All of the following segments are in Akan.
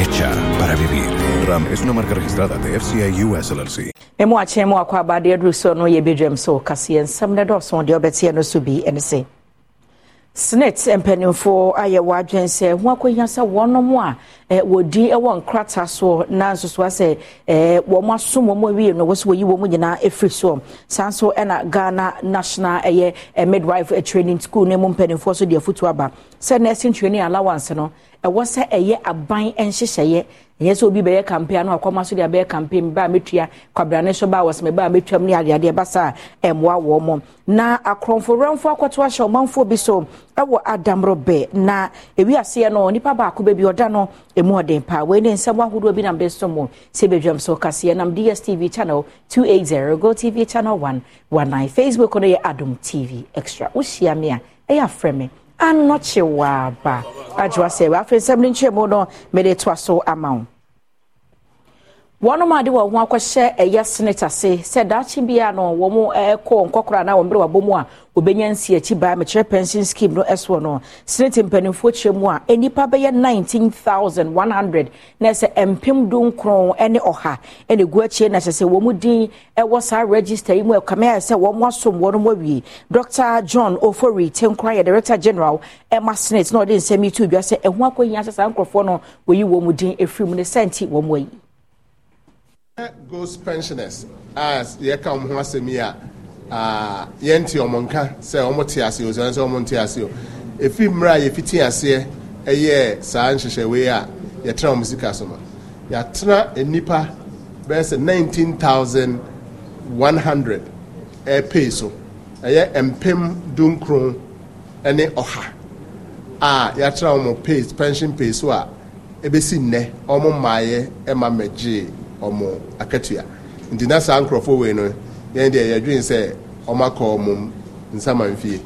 hecha para vivir. Ram es una marca registrada de FCI US LLC. Memo akyɛn mu akɔ abadeɛ duru so no yɛ bedwam so kaseɛ nsɛm ne dɔɔso deɛ ɔbɛteɛ no so bi ɛne sɛ senate mpanimfoɔ ayɛ wɔ adwene sɛ ho akɔhia sɛ wɔnom a wɔdi wɔ nkrata soɔ na nso so asɛ wɔn asom wɔn awie no wɔsɛ wɔyi wɔn nyinaa ɛfiri soɔ saa nso ɛna ghana national ɛyɛ midwife training school no mu mpanimfoɔ so de afotuo aba sɛ nursing training allowance no ɛwɔ sɛ ɛyɛ aban nhyehyɛeɛ ɛnyɛ sɛ obi bɛyɛ campaign ano akɔma so deɛ bɛyɛ campaign ba a metua kwabrane so ba a wɔsɛmɛ ba a metua mu ne adeadeɛ basa a ɛmoa wɔn mo na akorɔmfo wɛmfo akɔto ahyɛ ɔmanfoɔ bi so ɛwɔ adamrɔbɛ na ewi aseɛ no nipa baako baabi ɔda no emu ɔden paa wei ne nsɛm ahodoɔ bi nam de so mo sɛ badwam so kaseɛ nam dstv channel 280 go tv channel one one nine facebook no yɛ adom tv extra wohyia me a ɛyɛ afrɛ me anɔkye waaba agyewa sɛ afei nsɛm no nkyerɛmu no mede toa so ama wo wɔn a de wɔn ho akɔhyɛ ɛyɛ eh, senator se sɛ daakye bi a no wɔn ɛkɔ eh, nkɔkora na wɔn bere wabɔ mu a wɔbɛnya nsi akyi baa mɛkyerɛ pension scheme no ɛso no senator mpanimfoɔ kyerɛ mu a eh, nnipa bɛyɛ nineteen thousand one hundred na ɛsɛ mpem du nkron ɛne ɔha ɛna egu akyi na kyerɛ sɛ wɔn din ɛwɔ saa register yi mu ɛkame ayɛ sɛ wɔn asom wɔn mu awie dr john ofori tenkora yɛ director general ɛma senate na ɔde nsɛm yi to dwa sɛ ɛho akɔnyia sɛ saa nkurɔfoɔ no wɔyi wɔn din efiri ne sɛnti wɔn ayi goes pensioners a yɛka wɔn ho asɛm yi a yɛnte wɔn nka sɛ wɔn te ase o sɛ wɔn te ase o efi mmerɛ a yɛfiti aseɛ ɛyɛ saa nhyehyɛwee a ah, yɛtena wɔn sika so no yɛatena nnipa bɛyɛ sɛ nineteen thousand one hundred ɛɛpay eh, so ɛyɛ eh, mpem dunkron ɛne eh, ɔha a ah, yɛatena wɔn pension pay so a ah, ebesi nnɛ wɔn mmaayɛ ɛma mɛgyee. ɔmo akatua nti na saa nkurɔfoɔ wei no yɛn deɛ yɛdwene sɛ ɔmo akɔ ɔmo nsamanfie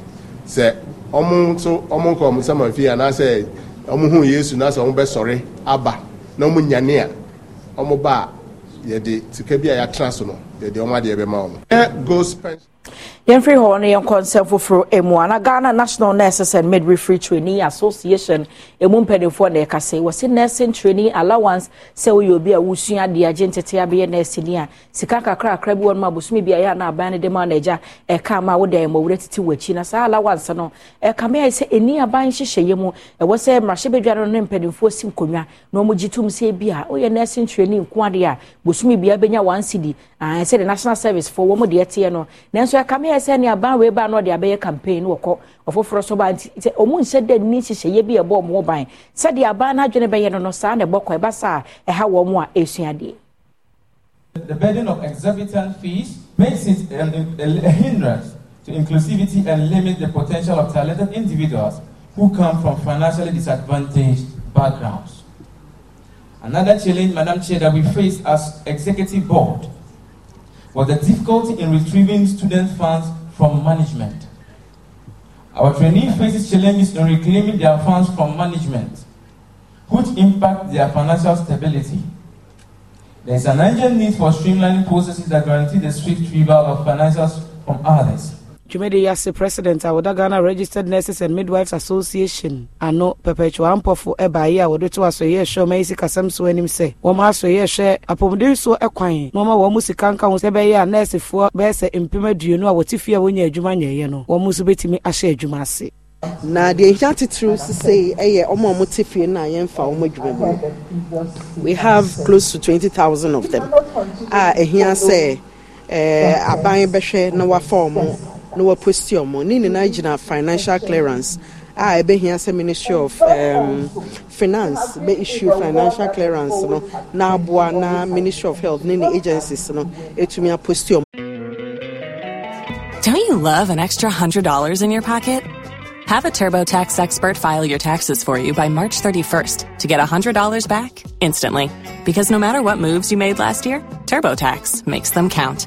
sɛ ɔmo nso ɔmo nkɔ ɔmo nsamanfie anaasɛ ɔmo hu yesu na aba na ɔmo nyane ɔmo ba yɛde sika bi a yɛatena so no yɛde ɔmo adeɛ ma ɔmo. yɛmfiri hɔ no yɛnkɔ nsɛm foforɔ mu ana ghana national nurses and midwifery Training association ɛmu mpanimfoɔ na ɛka sɛ wɔse nursing training allowance sɛ woyɛ obi a wosua adeɛ agye ntete abɛyɛ nurseni a sika kakrakra bi wɔ nom bi ayɛ a aban no de ma no agya ɛka ma wode ayɛmmɔwerɛ tete w'akyi na saa allowance no ɛka me ayɛ sɛ ɛni aban hyehyɛeɛ mu ɛwɔ sɛ mmarahyɛbadwa no ne mpanimfoɔ si nkonnwa na ɔmogye tom sɛ bi a woyɛ nursing training nko adeɛ a bosome bia bɛnya 1 cd the national service fo wɔ mo deɛ teɛ no nanso ɛka ayɛ sɛ ne aban wei ba no ɔde abɛyɛ campaign wɔkɔ ɔfoforɔ so ba nti sɛ ɔmu nhyɛ da ni nhyehyɛeɛ bi ɛbɔ ɔmo ban sɛdeɛ aban no adwene bɛyɛ no no saa na ɛbɔkɔ ɛba saa ɛha wɔn a ɛsuadeɛ The burden of exorbitant fees makes it a, hindrance to inclusivity and limits the potential of talented individuals who come from financially disadvantaged backgrounds. Another challenge, Madam Chair, that we face as executive board was the difficulty in retrieving student funds from management. Our trainees faces challenges in reclaiming their funds from management, which impact their financial stability. There is an urgent need for streamlining processes that guarantee the swift retrieval of financials from others. dwumadi yi president a wɔda ghana registered nurses and midwives association ano perpetua ampɔfo ɛbaa a wɔde to asɔyɛ ɛhwɛ ɔma yi sikasɛm so anim sɛ wɔn asɔyɛ ɛhwɛ apɔmuden so ɛkwan na wɔn a wɔn sika nka ho sɛ bɛyɛ a nɛɛsefoɔ bɛyɛ sɛ mpem aduonu a wɔte fie a wɔnya adwuma nyɛɛyɛ no wɔn nso bɛtumi ahyɛ adwuma ase na deɛ nhia titiriw sisei ɛyɛ ɔmo a fie no yɛmfa wɔn adwuma mu we have close to twenty thousand of them a ah, ehia sɛ ɛɛ eh, aban bɛhwɛ na wafa wɔn. na ne nyinaa gyina financial clearance a ɛbɛhia sɛ ministry of um, finance financial clearance no na aboa na ministry of health ne ne agencies no ɛtumi Don't you love an extra $100 in your pocket? Have a TurboTax expert file your taxes for you by March 31st to get $100 back instantly. Because no matter what moves you made last year, TurboTax makes them count.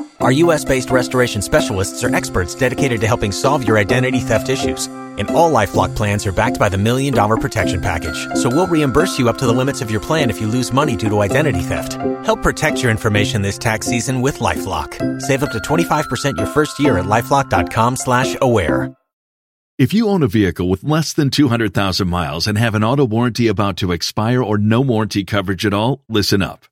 Our U.S. based restoration specialists are experts dedicated to helping solve your identity theft issues. And all Lifelock plans are backed by the Million Dollar Protection Package. So we'll reimburse you up to the limits of your plan if you lose money due to identity theft. Help protect your information this tax season with LifeLock. Save up to 25% your first year at LifeLock.com slash aware. If you own a vehicle with less than 200,000 miles and have an auto warranty about to expire or no warranty coverage at all, listen up.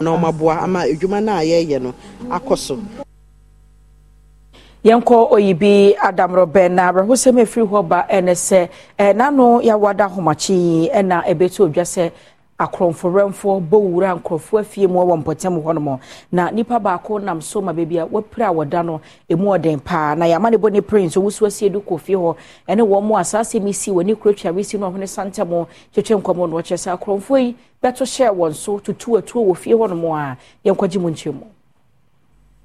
na ɔmaboa ama adwuma no a yɛreyɛ no akɔ yɛnkɔ oyibi adamrɔbɛn na awerɛhosɛm efiri hɔ ba ɛne sɛ ɛnano yɛawada ahomakye yi ɛna ɛbɛtu odwa sɛ akorɔmforɛmfoɔ bɔwura nkurɔfoɔ afie mu wɔ mpɔtam hɔnom na nipa baako nam so ma baabi a wapira a wɔda no ɛmu ɔden paa na yɛama ne bɔ ne prince ɔwusu asie du kɔ fie hɔ ɛne wɔn mu a saa asɛm si wɔ ne kuro twawe si no ɔhene santɛm twetwe nkɔmmɔ no ɔkyerɛ sɛ akorɔmfoɔ yi bɛto hyɛ wɔn so tutu atuo wɔ fie hɔnom a yɛnkɔgye mu nkyɛn mu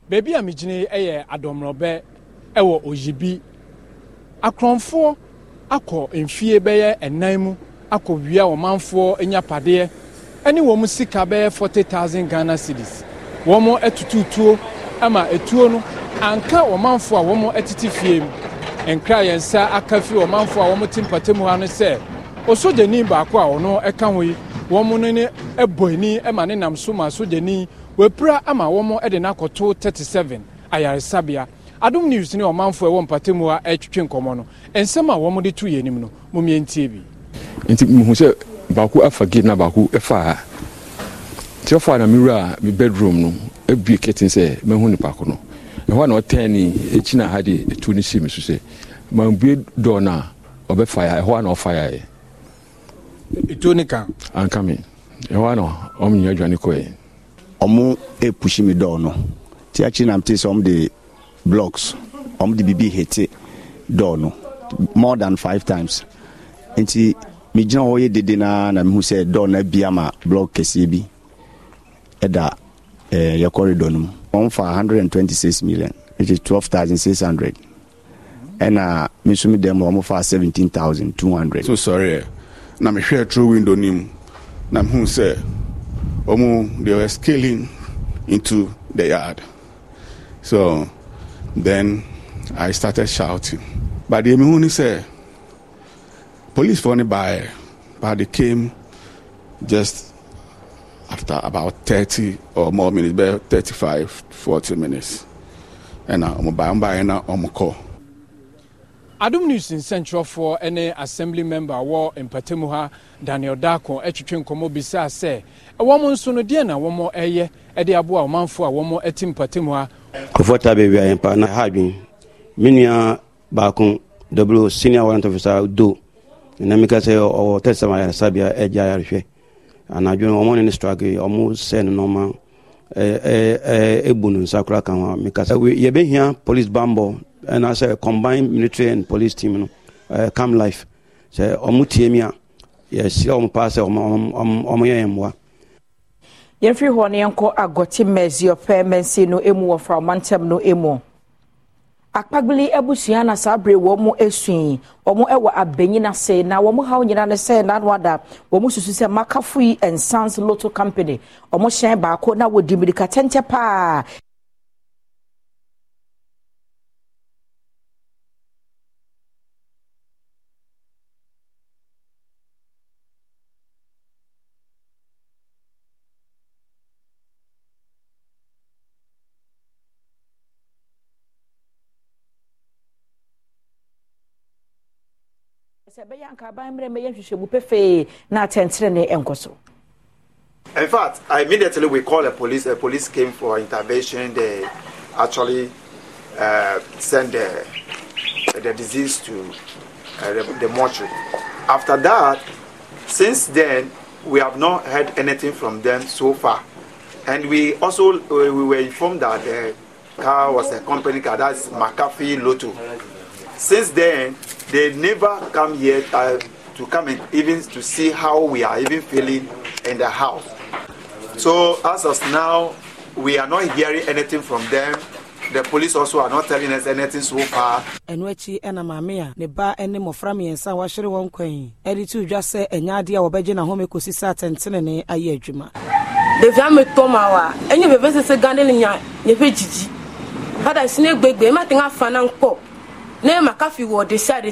baabi a megyina yɛ adɔmmɔbɛ wɔ oyibi akorɔmfoɔ akɔ mfie bɛyɛ ɛnan mu akɔwia ɔmanfoɔ anyapadeɛ ne wɔn sika bɛyɛ forty thousand ghana cedis wɔn atutu tuo ama etuo no anka ɔmanfoɔ a wɔn tete fie mu nkra yɛn nsa aka firi ɔmanfoɔ a wɔn te mpatamu ha no sɛ osogyani baako a ɔno ka ho yi wɔn no ne bɔ ani ma ne nam so ma sogyani wɔapira ama wɔn de no akɔto thirty seven ayaresabea adom news ne ɔmanfoɔ a ɛwɔ mpatamu ha retwetwe nkɔmmɔ no nsɛm a wɔn de to yɛn anim no mo mmiɛntie bi. nti mehu sɛ baako afa gate na baako ɛfa nti ɔfa na mewura me bedroom no abue kɛten sɛ mahu nipa ko no ɛhɔ na ɔtɛn ne ɛkyi na ha de ɛtu no na me so sɛ mambue dɔɔ no a ɔbɛfaeɛ ɛhɔ na ɔfaeɛ ɛtuo ne ka anka me ɛhɔ na ɔmnyɛ adwane kɔɛ ɔmo ɛpushi me dɔɔ no nti akyi nam te sɛ ɔmde blocks ɔmde biribi hete dɔɔ no more than five times nti megyina hɔ yɛ dede naa na mehu sɛ dɔɔ na bia ma blɔk kɛseɛ bi ɛda eh, yɛ corridor no mu ɔmfa 126 million which is 12600 ɛna me nso me dɛm ɔmfa 17200 so sɔre eh. ɛ na mehwɛ through window no mu na mehu sɛ ɔmo they were scaling into the yard so then i started shouting but deɛ mehu ne sɛ police for by but they came just after about 30 or more minutes, about 35, 40 minutes. And I'm by I'm by and I'm call. adom news nsɛntwerɛfoɔ ne assembly member wɔ mpatamu ha daniel dako atwitwe nkɔmmɔ bisaa sɛ ɛwɔ mo nso no deɛ na wɔmɔ ɛyɛ de aboa ɔmanfoɔ a wɔmɔ te mpatamu ha nkurɔfoɔ taa baabi a yɛmpa na ha adwen me nua baako w senior warrant officer do namikasɛ ɔtɛsɛm ayaresabea ɛgya ayarehwɛ anadwo ɔmɔ ne ne strake ɔmo sɛ nɔma ɛbu no e, e, e, nsa kora mikasa ho a police bambɔ ɛna sɛ combined military and police team no cam life sɛ ɔmo tie mi a yɛsrɛ ɔmo paa sɛ yɛ yɛn hɔ no emu wɔ fra no emu. akpagbili abusua na saa bere wɔn asui wɔn wɔ abanyin ase na wɔn ha nyinaa ne sɛ nanu ada wɔn susu sɛ makafui and lotto company wɔn hyɛn baako na wɔdi mirika tɛntɛ paa. sɛ ɛbɛyɛ anka mmerɛ mɛyɛ nhwehwɛmu pefee na atɛntere ne ɛnkɔ so In fact, immediately we call the police. The police came for intervention. They actually uh, sent the, the disease to uh, the, the mortuary. After that, since then, we have not heard anything from them so far. And we also uh, we were informed that the car was a company car, that's McAfee Lotto since then they never come here uh, to come and even to see how we are even feeling in the house so as of now we are not hearing anything from them the police also are not telling us anything so far. ɛno akyi ɛna maame a ne ba ne mmɔfra mmiɛnsa a wɔahyere kwan yi ɛde to dwa sɛ ɛnyɛ adeɛ a wɔbɛgye n'ahome kɔsi sɛ atɛntenene ayɛ adwuma ɖevia me tɔ ma wa enye vevesese gã aɖe le nya nye ƒe dzidzi bada si ne gbegbe emate ŋa fa na ŋkpɔ ne makafi wɔ de sia de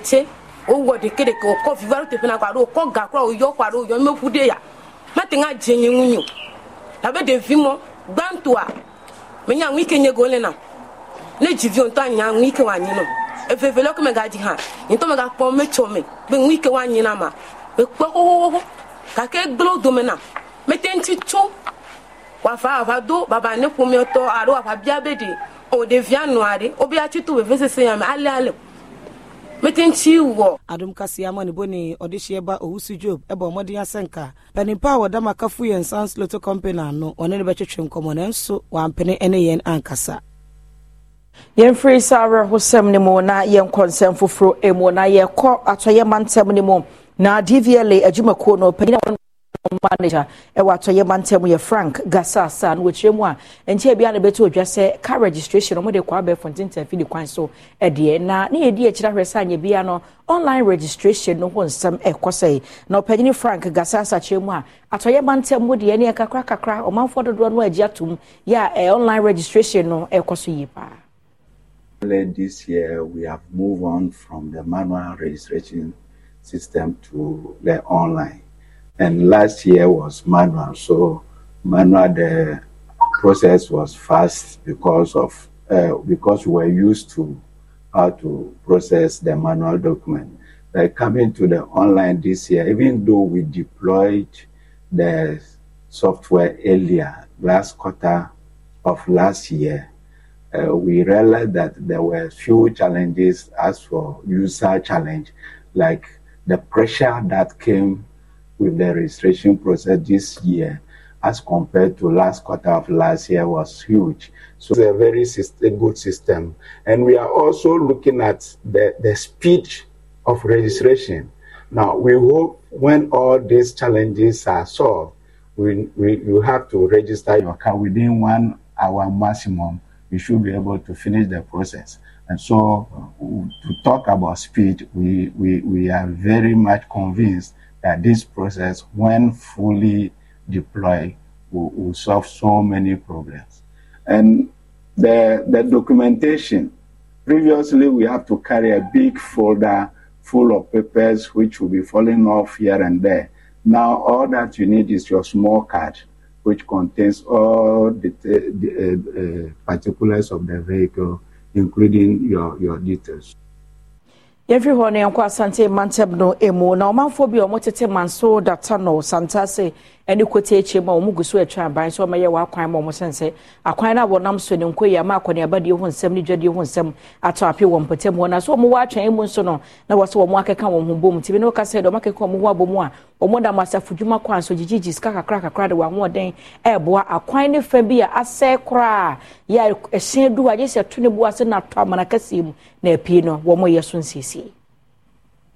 o wɔ de kede ke o kɔ vivari teƒe na kɔ alo o ga kura o yɔ kɔ alo o yɔ mɛ de ya mate ŋa dze nyi ŋu nyi o labe ɖevi mɔ gbãtɔa me nya ŋu yi ke nye go le na ne dzivi o ŋutɔ anya ŋu yi ke wa nyi nɔ eveve lɛ o ke me ga dzi hã ŋutɔ me gakpɔ me tsɔ me be ŋu yi ke wa nyi na ma me kpɔ xoxoxo gake gblẽ o dome na me te ŋuti tso wafa ava do baba ne ƒomeɔtɔ wa fa bia be de o ɖevia nɔ aɖe o be atsi to vevesese ya me ale ale metenchi wɔ adom kaseɛ ama ne bo ne ɔdehyeɛ ba owusu job ɛbɔ mmɔden asɛ nka panimpa a wɔda makafo yɛn sans loto company ano ɔne ne bɛtwetwe nkɔmmɔ nanso wampene ne yɛn ankasa yɛmfiri sa awerɛhosɛm no mu na yɛnkɔ nsɛm foforo mu na yɛkɔ atɔyɛ ma ntɛm no mu na dvla adwumakuo no panyin manager ɛwɔ atɔyɛ mantam yɛ frank gasasa no wɔkyerɛ mu a nkyɛn bi na bɛtɛ odwa sɛ car registration wɔde kɔ abɛɛfo ntentanfi de kwan so ɛdeɛ na ne yɛ di akyirɛ ahwɛ sɛ anyɛ bia no online registration no ho nsɛm ɛkɔ e sɛɛ na ɔpanyini frank gasasa kyerɛ mu a atɔyɛ mantam mu deɛ ne yɛ kakra ɔmanfoɔ dodoɔ no agye atom yɛ a e online registration no ɛkɔ e so yie paa This year, we have moved on from the manual registration system to the online. and last year was manual. So manual the process was fast because of uh, because we were used to how to process the manual document. By coming to the online this year, even though we deployed the software earlier, last quarter of last year, uh, we realized that there were few challenges as for user challenge, like the pressure that came with the registration process this year as compared to last quarter of last year was huge. So it's a very system, good system. And we are also looking at the, the speed of registration. Now, we hope when all these challenges are solved, we, we, you have to register your car within one hour maximum. You should be able to finish the process. And so, uh, to talk about speed, we, we, we are very much convinced that this process, when fully deployed, will, will solve so many problems. And the, the documentation, previously we have to carry a big folder full of papers which will be falling off here and there. Now all that you need is your small card which contains all the, the uh, uh, particulars of the vehicle, including your, your details. yɛmfiri hɔ no yɛnkɔ asante mantam no ɛmu na ɔmanfoɔ bi a ɔmotete manso data no santase ne kɔte akyire mu a wɔn gu so atwa aban sɛ wɔyɛ wɔn akwan ma wɔn sɛn sɛ akwan no a wɔnam so ne nkoyi ama akɔneaba deɛ ho nsɛm ne dwadeɛ ho nsɛm atɔ ape wɔn mpɔtam hɔ na so wɔn wɔ atwɛn mu nso no na wɔsɛ wɔn akeka wɔn ho bom tibi ne wɔka sɛ deɛ wɔn akeka wɔn ho abɔ mu a wɔn nam asafo dwuma kwan so gyegyegye sika kakra kakra de wɔn ahoɔden ɛɛboa akwan ne fa bi a asɛe koraa yɛ ɛhyɛn du a yɛ sɛ to ne bu ase na ato amana kɛseɛ mu na apie no wɔn yɛ so nsiesie.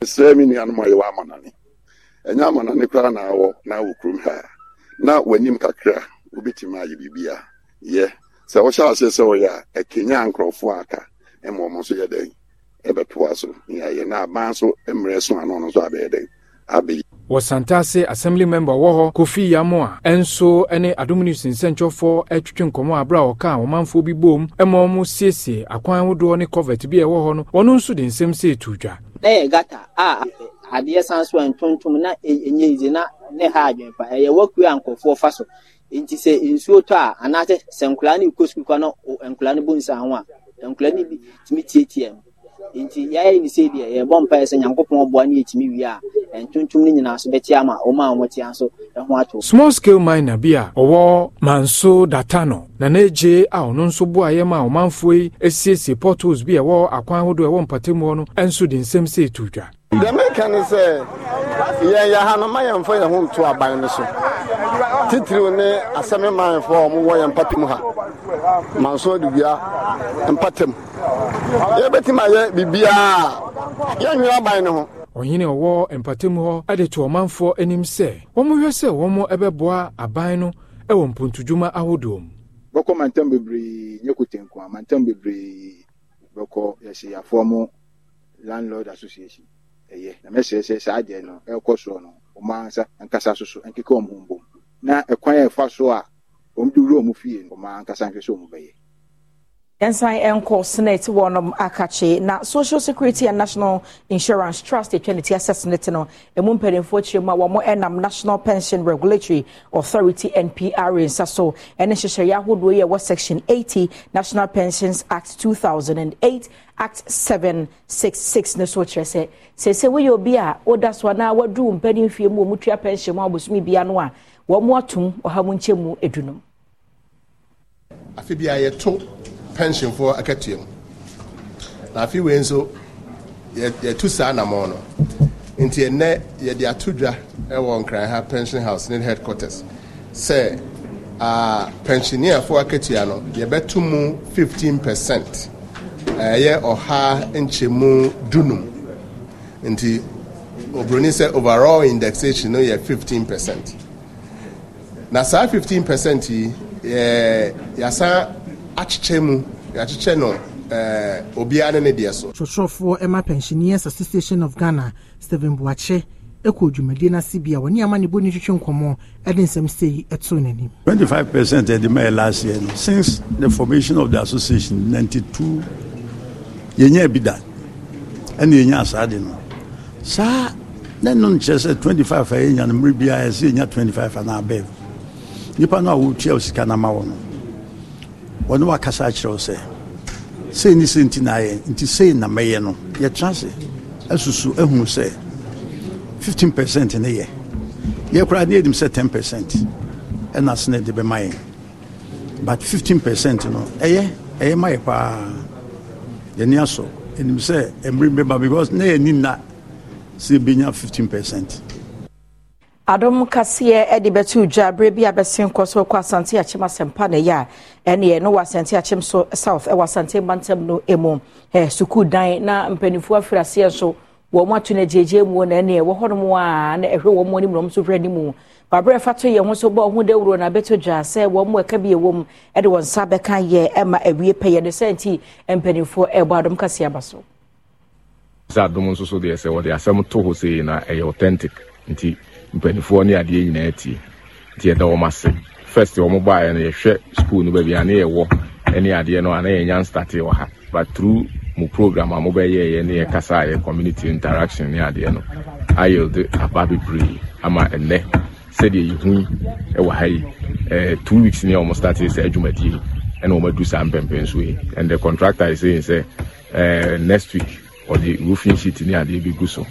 ni anum a ni enye ama na nekwa na awọ na awụkuru m ha na w'anim kakra obetumi ayɛ biribi yɛ sɛ wɔhyɛ aseɛ sɛ wɔyɛ a ɛkenya nkurɔfoɔ aka ɛma ɔmo nso yɛ dɛn ɛbɛtoa so yɛayɛ na aban so mmerɛ so ano no nso abɛyɛ dɛn abɛyi wɔ santase assembly member wɔ hɔ kofi yamo a ɛnso ne adom news nsɛnkyɛfoɔ atwitwe nkɔmmɔ a berɛ a wɔka a bi bom ma ɔmo siesie akwan wodoɔ ne covet bi a ɛwɔ hɔ no ɔno nso de nsɛm sɛ ɛtu dwa na yɛ gata a ah. adeɛ san so a ntontom na ɛnyɛ e, yie na ne ha adwene pa ɛyɛ wakuo a nkɔfoɔ fa so nti sɛ nsuo tɔ a anaasɛ sɛ nkwadaa no kɔ sukuu kɔ no nkwadaa no bɔ nsa ho a nkwadaa no bi tumi tietia mu nti yɛayɛ ne sɛ deɛ yɛbɔ mpaeɛ sɛ nyankopɔn ɔboa no yɛtumi wie a ntontom no nyinaa so bɛte ama ɔma a wɔte nso ho ato small scale miner bi a ɔwɔ manso datano na n'agye a ɔno nso boaeɛ ma ɔmanfoɔ yi asiesie portals bi a ɛwɔ akwan ahodoɔ ɛwɔ mpatamu hɔ no nso de nsɛm sɛ ɛtu dwa deɛ meka ne sɛ yɛn yɛ ha no ma yɛmfa yɛn ho nto aban no so titiriw ne asɛme manfoɔ a ɔmowɔ yɛn mpatam ha manso adubia mpatam yɛbɛtumi ayɛ biribiaa yɛnwerɛ aban no ho ɔhene ɔwɔ mpatam hɔ de to ɔmanfoɔ anim sɛ wɔmohwɛ sɛ wɔn ɛbɛboa aban no wɔ mpontodwuma ahodoɔ mu bɛkɔ mantam bebree nyɛ kotenko a mantam bebree bɛkɔ yɛhyɛ yɛafoɔ mo landlord association ɛyɛ na mɛsrɛ sɛ saa deɛ no ɛkɔ e soɔ no ɔmo ansa nkasa soso nkeka ɔmo ho mbom na ɛkwan a e ɛfa so a ɔmo de wura ɔmo fie no ɔmo ankasa nhwɛ sɛ ɔmo bɛyɛ nsan nkɔ senate wɔ nom akakye na social security and national insurance trust atwa ne ti asɛ senate no emu mpanimfoɔ kyerɛ mu a wɔn nam national pension regulatory authority npra nsa so ɛne nhyehyɛeɛ ahodoɔ yi a section 80 national pensions act 2008 act 766 ne so kyerɛ sɛ sɛsɛ woyɛ obi a woda so anaa waduru mpanimfie mu a wɔmutua pension mu a bosomi bia no a wɔn atom ɔha mu nkyɛn mu edunum. afei bi a yɛto Pension for a pensionfoɔ akatua mu na afei wei nso yɛtu saa namɔ no nti ɛnɛ yɛde ato dwa wɔ nkran ha pension house ne headquarters sɛ uh, pensionerfoɔ akatua no yɛbɛto mu 15 percent ɛyɛ ɔha nkyɛmu dunum nti obroni sɛ overall indexation no yɛ 15 percent na saa 15 percent yi yɛ yasa akyekyɛ mu yɛakyekyɛ no eh, obiara ne ne deɛ so. twerɛtwerɛfoɔ ɛma pensioners association of ghana stephen buakye ɛkɔ dwumadie n'ase bi a wɔne ama ne bɔ ne twitwi nkɔmmɔ ɛde nsɛm sei ɛtoo n'anim. twenty percent ɛde mayɛ last year no since the formation of the association 92, two yɛnyɛ bi da ɛna yɛnyɛ asaade no saa ne no nkyerɛ sɛ twenty five a yɛnya no mmiri biara yɛ sɛ yɛnya twenty five anaa abɛɛ nipa no a wɔtua sika no ama wɔn no wɔne wakasa akyerɛ wo sɛ sei ne sei nti naayɛ nti sei na mɛyɛ no yɛtena ase asusu ahunu sɛ 15 percent ne yɛ yɛkoraa ne yɛdim sɛ 10 percent ɛna sene de bɛma yɛn but 15 percent no ɛyɛ ɛyɛ ma yɛ paa yɛni asɔ ɛnim sɛ mmiri bɛba because ne ni na sɛ yɛbɛnya 15 percent adom kaseɛ de bɛto dwa berɛ bi a bɛsen nkɔ so kɔ asante akyem asɛmpa na ɛyɛ a ɛneɛ no wɔ asante akyem so south ɛwɔ asante mantam no mu eh, sukuu dan na mpanimfoɔ afiri aseɛ nso wɔn mo ato no agyiegye mu na ɛneɛ wɔ hɔnom a na ɛhwɛ wɔn anim na wɔn nso hwɛ anim baberɛ fa to yɛn ho so bɔ ɔho dawuro na abɛto dwa sɛ wɔn mo ɛka bi ɛwɔ mu de wɔn nsa bɛka yɛ ɛma awie pɛyɛ no sɛ nti mpanimfoɔ ɛbɔ adom kaseɛ aba so sɛ adom nso so deɛ sɛ wɔde asɛm to hɔ sei na ɛyɛ authentic nti mpanimfoɔ ne adeɛ nyinaa tie nti yɛda wɔn ase first wɔn baeɛ no yɛhwɛ school no baabi ane yɛwɔ ne adeɛ no ane yɛnya nstate wɔ ha but through mu program a mobɛyɛeɛ ne yɛkasa a yɛ community interaction ne adeɛ no ayɛ de aba bebree ama ɛnɛ sɛdeɛ yɛhu yi ɛwɔ ha yi ɛɛ two weeks ne a wɔn start sɛ adwumadie ɛna wɔn adu saa mpɛmpɛn so yi and the contractor is sɛ ɛɛ next week ɔde roofing sheet ne adeɛ bi gu so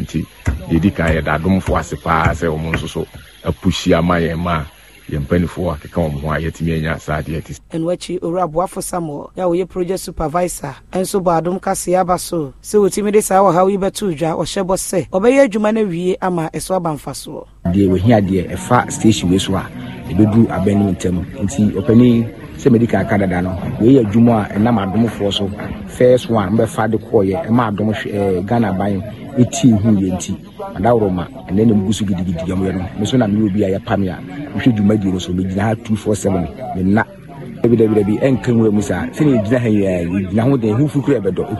nti yɛdi kan yɛda adomfoɔ ase paa sɛ wɔn nso so apusi ama yɛn ma a yɛn mpanimfoɔ akeka wɔn ho a yɛtumi anya saa adeɛ ti. ɛnu akyi owura aboafo samuel yà wòye project supervisor ɛnso bɔ adum kaseɛ aba so sɛ wòtumi de saa ɔhaw yi bɛto dwa ɔhyɛ bɔ sɛ ɔbɛyɛ adwuma no awie ama ɛso aba nfa soɔ. deɛ wɔhia deɛ ɛfa station wei so a ebedu abɛn no ntɛm nti ɔpanin sɛ mɛdi kaka dada no wei yɛ adwuma a ɛnam adomfoɔ so first one mbɛfa de kɔɔyɛ ɛma adom ɛɛ ghana ban ɛti ehu yɛ nti adaworo ma ɛnɛ na mugu so gidigidi yɛm yɛ no mɛ so na meyɛ obi a yɛpam a mehwɛ dwumadie no so megyina ha two four seven ɛnka nwura mu saa sɛnea yɛgyina ha yɛgyina ho den ɛho fukuro ɛbɛdɔ